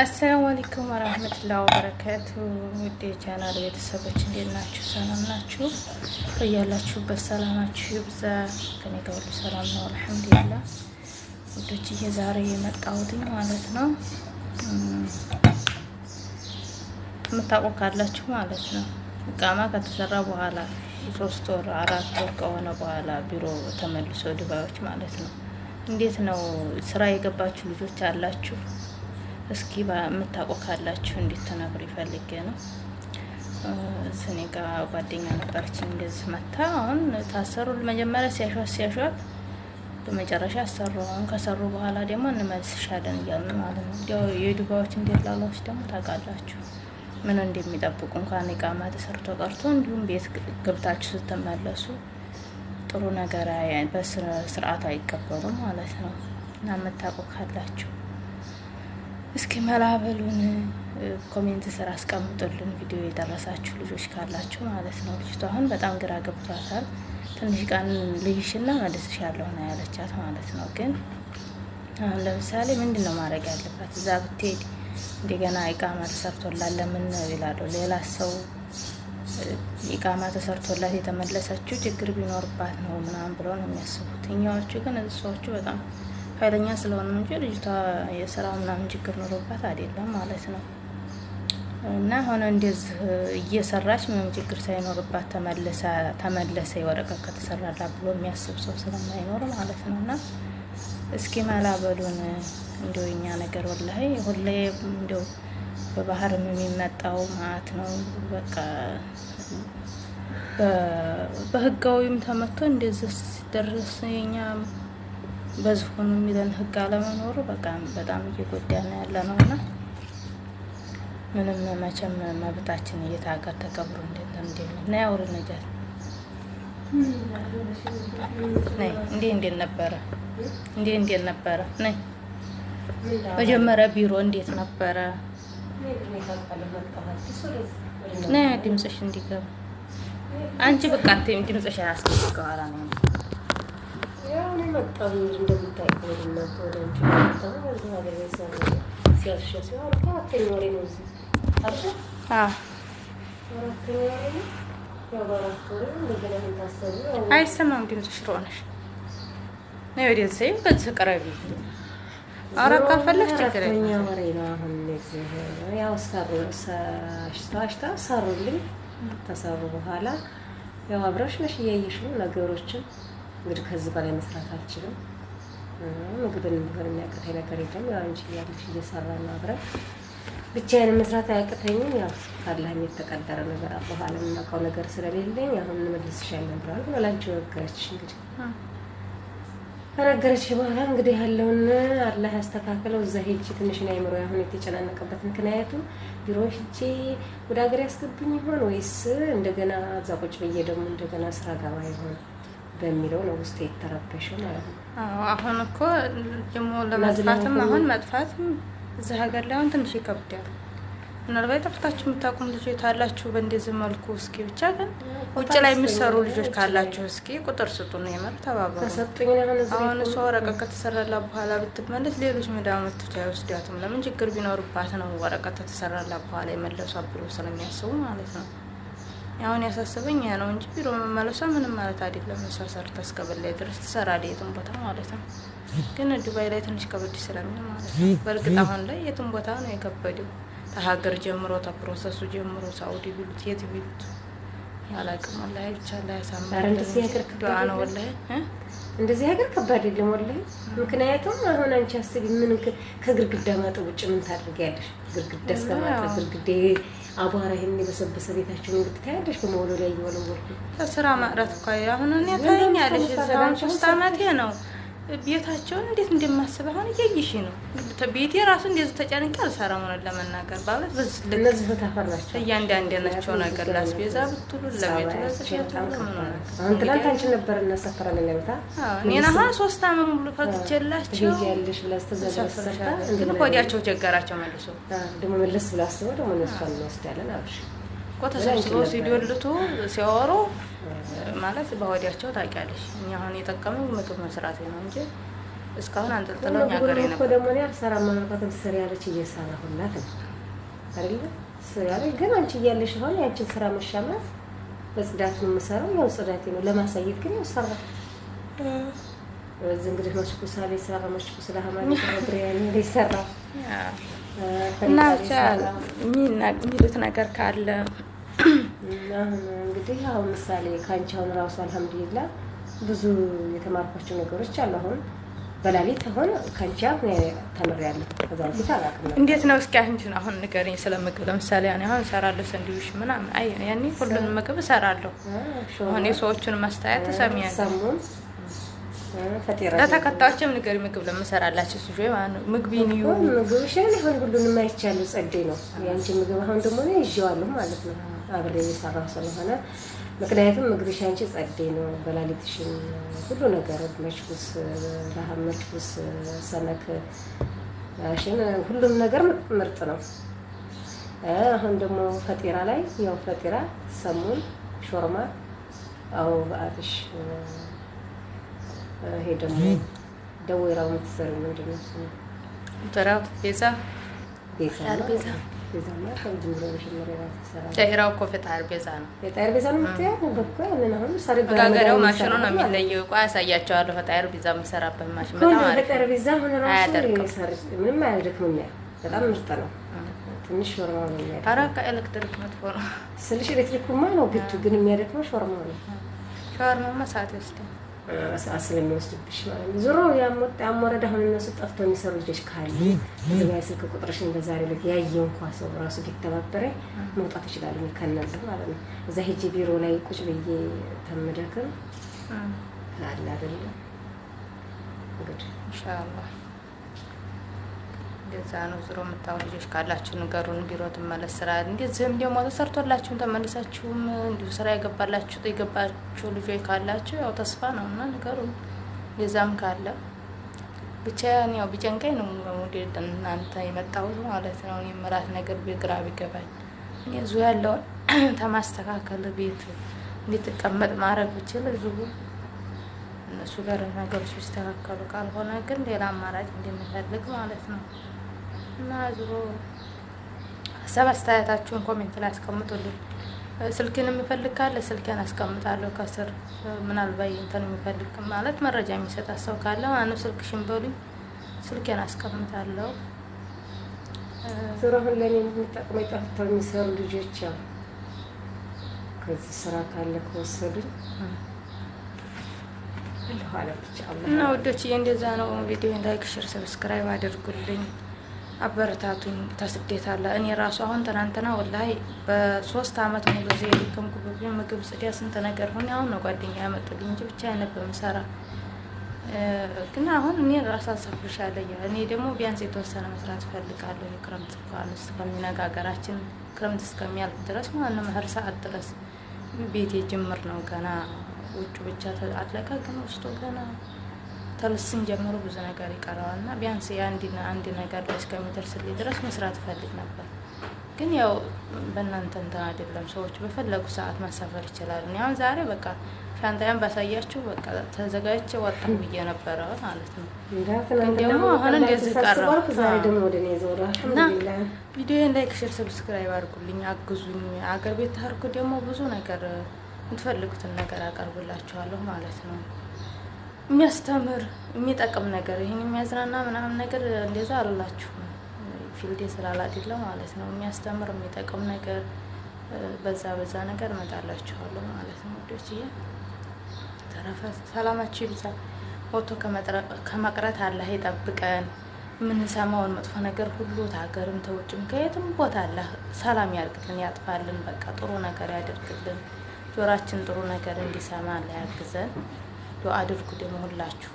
አሰላሙ አለይኩም ወራህመቱላሂ ወበረካቱ። ውድ የቻናል ቤተሰቦች እንዴት ናችሁ? ሰላም ናችሁ? በያላችሁበት ሰላማችሁ ይብዛ። ከኔ ጋር ሁሉ ሰላም ነው አልሐምዱሊላህ። ውዶች ዛሬ የመጣሁትኝ ማለት ነው የምታውቁ ካላችሁ ማለት ነው እቃማ ከተሰራ በኋላ ሶስት ወር አራት ወር ከሆነ በኋላ ቢሮ ተመልሶ ዱባዮች ማለት ነው እንዴት ነው ስራ የገባችሁ ልጆች አላችሁ እስኪ የምታውቁ ካላችሁ እንዲትነግሩ ይፈልጌ ነው። እኔ ጋ ጓደኛ ነበረችኝ እንደዚህ መታ አሁን ታሰሩ። መጀመሪያ ሲያሿት ሲያሿት በመጨረሻ አሰሩ። አሁን ከሰሩ በኋላ ደግሞ እንመልስሻለን እያሉ ማለት ነው። ያው የዱባዎች እንዴት ላላዎች ደግሞ ታውቃላችሁ ምን እንደሚጠብቁ እንኳን እቃማ ተሰርቶ ቀርቶ እንዲሁም ቤት ገብታችሁ ስትመለሱ ጥሩ ነገር በስርዓቱ አይቀበሉም ማለት ነው እና የምታውቁ ካላችሁ እስኪ መላበሉን ኮሜንት ስር አስቀምጡልን። ቪዲዮ የደረሳችሁ ልጆች ካላችሁ ማለት ነው። ልጅቷ አሁን በጣም ግራ ገብቷታል። ትንሽ ቀን ልይሽና መልስሽ ያለው ያለቻት ማለት ነው። ግን አሁን ለምሳሌ ምንድን ነው ማድረግ ያለባት? እዛ ብትሄድ እንደገና ኢቃማ ተሰርቶላት ለምን ነው ይላሉ። ሌላ ሰው ኢቃማ ተሰርቶላት የተመለሰችው ችግር ቢኖርባት ነው ምናምን ብለው ነው የሚያስቡት። እኛዎቹ ግን ሰዎቹ በጣም ኃይለኛ ስለሆነ እንጂ ልጅቷ የስራ ምናምን ችግር ኖሮባት አይደለም ማለት ነው። እና ሆነ እንደዚህ እየሰራች ምንም ችግር ሳይኖርባት ተመለሰ የወረቀት ከተሰራላ ብሎ የሚያስብ ሰው ስለማይኖር ማለት ነው። እና እስኪ ማላበሉን እንዲው እኛ ነገር ወላሂ ሁሌ እንዲው በባህርም የሚመጣው ማለት ነው በቃ በህጋዊም ተመቶ እንደዚህ ሲደረስ የኛ በዝሆኑ የሚለን ህግ አለመኖሩ በቃ በጣም እየጎዳ ነው ያለ ነው እና ምንም መቼም መብታችን የት ሀገር ተከብሮ እንደለም እንደሚል ና ያውር ነገር እንዴ እንዴት ነበረ እንዴ እንዴት ነበረ ነይ መጀመሪያ ቢሮ እንዴት ነበረ ነይ ድምፅሽ እንዲገባ አንቺ ብቃቴም ድምፅሽ አስገቢ ከኋላ ነው አይሰማም እንደምታውቅ ነው እናንተ ወደ ነው እዚህ በዚህ ቅረቢ ኧረ ካልፈለሽ ችግር የለም ያው ሰሩ አሽታ ሰሩልኝ ተሰሩ በኋላ ያው አብረሽ ነሽ እያየሽ ነገሮችን እንግዲህ ከዚህ በላይ መስራት አልችልም። ምግብን ቢሆን የሚያቅተኝ ነገር የለም። ያው አንቺ እያለሽ ነው አብረን ብቻዬን መስራት አያቅተኝም። ያው ካላህም የተቀደረ ነገር አላህ የምናውቀው ነገር ስለሌለኝ አሁን እንመልስሻለን ብለዋል። ላንቺ ነገረችሽ እንግዲህ ከነገረች በኋላ እንግዲህ ያለውን አላህ ያስተካክለው። እዛ ሄጄ ትንሽ ነው አይምሮ አሁን የተጨናነቀበት ምክንያቱ ቢሮ ሄጄ ወደ ሀገር ያስገቡኝ ይሆን ወይስ እንደገና እዛ ቁጭ ብዬ ደግሞ እንደገና ስራ ገባ ይሆን በሚለው ነው ውስጥ የተረበሸው ማለት ነው። አሁን እኮ ጅሞ ለመጥፋትም አሁን መጥፋትም እዚህ ሀገር ላይ አሁን ትንሽ ይከብዳል። ምናልባት ጠፍታችሁ የምታውቁም ልጆች ካላችሁ በእንደዚህ መልኩ እስኪ ብቻ ግን ውጭ ላይ የሚሰሩ ልጆች ካላችሁ እስኪ ቁጥር ስጡ ነው የመር ተባበሩ። አሁን እሷ ወረቀት ከተሰራላት በኋላ ብትመለስ ሌሎች መዳመቶች አይወስዳትም። ለምን ችግር ቢኖርባት ነው ወረቀት ከተሰራላት በኋላ የመለሱ አብሎ ስለሚያስቡ ማለት ነው። አሁን ያሳስበኝ ያ ነው እንጂ ቢሮ መመለሷ ምንም ማለት አይደለም። እሷ ሰርታ እስከበላይ ድረስ ትሰራለች የትም ቦታ ማለት ነው። ግን ዱባይ ላይ ትንሽ ከበድ ስለሚል ማለት ነው። በእርግጥ አሁን ላይ የትም ቦታ ነው የከበደው። ተሀገር ጀምሮ ተፕሮሰሱ ጀምሮ ሳኡዲ ቢሉት የት ቢሉት አላቅም። ወላሂ ብቻ ላይ ያሳምር ዱዓ ነው ወላሂ እንደዚህ ሀገር ከባድ የለም ወላሂ። ምክንያቱም አሁን አንቺ አስቢ ምን ከግርግዳ ማጠብ ውጭ ምን ታደርጊያለሽ? ግርግዳ እስከማጠብ ግርግዳ አቧራ ይሄን የበሰበሰ ቤታችን እንግዲህ ታያለሽ። በመውለድ ላይ እየወለወልኩ ስራ ማቅረት እኮ አሁን እኔ ታይኛለሽ። ሶስት አመቴ ነው ቤታቸውን እንዴት እንደማስብ አሁን እያየሽ ነው። ቤቴ ራሱ እንደዚህ ተጨንቄ አልሰራም። ሆነ ለመናገር ባለት እያንዳንድ ናቸው ነገር ላስቤዛ ብትሉ ለቤትሁን ትላንት አንቺ ነበር እኔን ሶስት አመት ሙሉ ፈቅጄላቸው ግን ወዲያቸው ቸገራቸው መልሶ ደግሞ መለስ ብላ አስበው ደግሞ እነሱ እንወስዳለን አብሽ እኮ ተሰብስበው ሲዶልቱ ሲያወሩ ማለት በወዲያቸው ታውቂያለሽ። እኛ አሁን የጠቀመኝ ምግብ መስራት ነው እንጂ እስካሁን አንጠልጥለውኝ ሀገር ነበር። ደግሞ እኔ አልሰራም አልኳትም። ስር ያለች እየሰራሁላት ነው አይደለ? ስር ግን አንቺ እያለሽ ሆነ ያንቺን ስራ መሻማት በጽዳት ነው የምሰራው። ያው ጽዳቴ ነው ለማሳየት ግን ያው ሰራ እዚህ እንግዲህ መሽኩ ሳለ ሰራ መሽኩ ስለ ሀማሊ ብሬያኒ ሊሰራ እና ብቻ የሚሉት ነገር ካለ አሁን እንግዲህ አሁን ምሳሌ ከአንቺ አሁን ራሱ አልሐምዱሊላ ብዙ የተማርኳቸው ነገሮች አሉ። አሁን በላሊት አሁን ከአንቺ አሁን ተምሬያለሁ። ከዛ በፊት አላውቅም። እንዴት ነው እስኪ አንቺን አሁን ንገሪኝ ስለምግብ። ለምሳሌ ያኔ አሁን እሰራለሁ ሰንድዊሽ ምናምን፣ አይ ያኔ ሁሉንም ምግብ እሰራለሁ። አሁን የሰዎቹን ማስተያየት ትሰሚያለሽ ለተከታዮችም ንገሪ ምግብ ለምሰራላችሁ ሱ ምግብ ንዩ ምግብ ሻል ሆን ሁሉንም አይቻለሁ። ጸዴ ነው የአንቺ ምግብ አሁን ደግሞ ነው ይዤዋለሁ ማለት ነው አብሬ የሰራው ስለሆነ ምክንያቱም ምግብሽ አንቺ ጸዴ ነው። በላሊትሽን ሁሉ ነገር መችኩስ ረሃብ መችኩስ ሰነክ ሽን ሁሉም ነገር ምርጥ ነው። አሁን ደግሞ ፈጢራ ላይ ያው ፈጢራ ሰሙን ሾርማ አዎ በአትሽ ይሄ ደግሞ ደወራ የምትሰሩ ምንድን ነው ስሙ? ደራው ቤዛ ቤዛ ቤዛ እኮ ፈጣር ነው የጠሂር ማሽኑ ነው የሚለየው። ቆይ አሳያቸዋለሁ። ፈጣር የምሰራበት ማሽን በጣም አሪፍ ነው። መጥፎ ነው ስልሽ ኤሌክትሪኩማ ነው ግን የሚያደክመው ሾርማ ነው። ሾርማማ ሰዓት ይወስዳል። ሰዓት ስለሚወስድብሽ ማለት ነው። ዞሮ ያሞረድ አሁን እነሱ ጠፍቶ የሚሰሩ ልጆች ካሉ እዚህ ጋር የስልክ ቁጥርሽን በዛሬ ልክ ያየ እንኳ ሰው ራሱ ቢተባበረ መውጣት ይችላሉ ከነዚህ ማለት ነው። እዛ ሄጂ ቢሮ ላይ ቁጭ ብዬ ተምደክም አለ አይደለም እንግዲህ ኢንሻላህ እንደዛ ነው። ዝሮ የምታው ልጆች ካላችሁ ንገሩን። ቢሮ ትመለስ ስራ እንደዚህም ደግሞ ተሰርቶላችሁም ተመልሳችሁም እንዲሁ ስራ የገባላችሁ የገባችሁ ልጆች ካላችሁ ያው ተስፋ ነው እና ንገሩን። የዛም ካለ ብቻ ያው ቢጨንቀኝ ነው ወደ እናንተ የመጣሁት ማለት ነው። የምራት ነገር ግራ ቢገባኝ እኔ እዚሁ ያለውን ተማስተካከል ቤት እንዲትቀመጥ ማድረግ ብችል እዚሁ እነሱ ጋር ነገሮች ሲስተካከሉ ካልሆነ ግን ሌላ አማራጭ እንደሚፈልግ ማለት ነው። እና ዞሮ ሀሳብ አስተያየታችሁን ኮሜንት ላይ አስቀምጡልኝ። ስልክን የሚፈልግ ካለ ስልኬን አስቀምጣለሁ ከስር። ምናልባት እንትን የሚፈልግ ማለት መረጃ የሚሰጣ ሰው ካለ ማነው ስልክሽን በሉኝ፣ ስልክን አስቀምጣለሁ። ስራሁን ለእኔ የሚጠቅመኝ ጠፍተው የሚሰሩ ልጆች ያው ከዚህ ስራ ካለ ከወሰዱኝ እና ውዶችዬ እንደዛ ነው። ቪዲዮ ላይክ፣ ሽር፣ ሰብስክራይብ አድርጉልኝ። አበረታቱኝ ተስደት አለ። እኔ ራሱ አሁን ትናንትና ወላሂ በሶስት አመት ሙሉ ጊዜ የደከምኩ ምግብ ጽዲያ ስንት ነገር ሆነ። አሁን ነው ጓደኛ ያመጡልኝ እንጂ ብቻ አይነበም ሰራ ግን አሁን እኔ ራሳ ሰፍሻለኝ። እኔ ደግሞ ቢያንስ የተወሰነ መስራት እፈልጋለሁ። የክረምት እንኳን ሀገራችን ክረምት እስከሚያልፍ ድረስ ማለት ነው መኸር ሰዓት ድረስ ቤቴ ጅምር ነው ገና ውጭ ብቻ አለቃ ግን ውስጡ ገና ተልስን ጀምሮ ብዙ ነገር ይቀረዋል እና ቢያንስ የአንድና አንድ ነገር ላይ እስከሚደርስልኝ ድረስ መስራት እፈልግ ነበር። ግን ያው በእናንተ እንትን አይደለም። ሰዎች በፈለጉ ሰዓት መሳፈር ይችላሉ። አሁን ዛሬ በቃ ሻንጣያን ባሳያችሁ በቃ ተዘጋጅቼ ወጣሁ ብዬ ነበረ ማለት ነው። ግን ደግሞ አሁን እንደዚህ ቀረእና ቪዲዮን ቪዲዮ ላይክ፣ ሼር፣ ሰብስክራይብ አድርጉልኝ፣ አግዙኝ። አገር ቤት ታርኩ ደግሞ ብዙ ነገር የምትፈልጉትን ነገር አቀርብላችኋለሁ ማለት ነው። የሚያስተምር የሚጠቅም ነገር ይህን የሚያዝናና ምናምን ነገር እንደዛ አልላችሁም። ፊልዴ ስላላደለ ማለት ነው። የሚያስተምር የሚጠቅም ነገር በዛ በዛ ነገር እመጣላችኋለሁ ማለት ነው። ወዶች ይ ተረፈ ሰላማችሁ ይብዛ። ፎቶ ከመቅረት አላህ ይጠብቀን። የምንሰማውን መጥፎ ነገር ሁሉ ተሀገርም ተውጭም ከየትም ቦታ አላህ ሰላም ያርግልን፣ ያጥፋልን። በቃ ጥሩ ነገር ያደርግልን። ጆራችን ጥሩ ነገር እንዲሰማ አላህ ያግዘን። ዱአ አድርጉ ደግሞ ሁላችሁ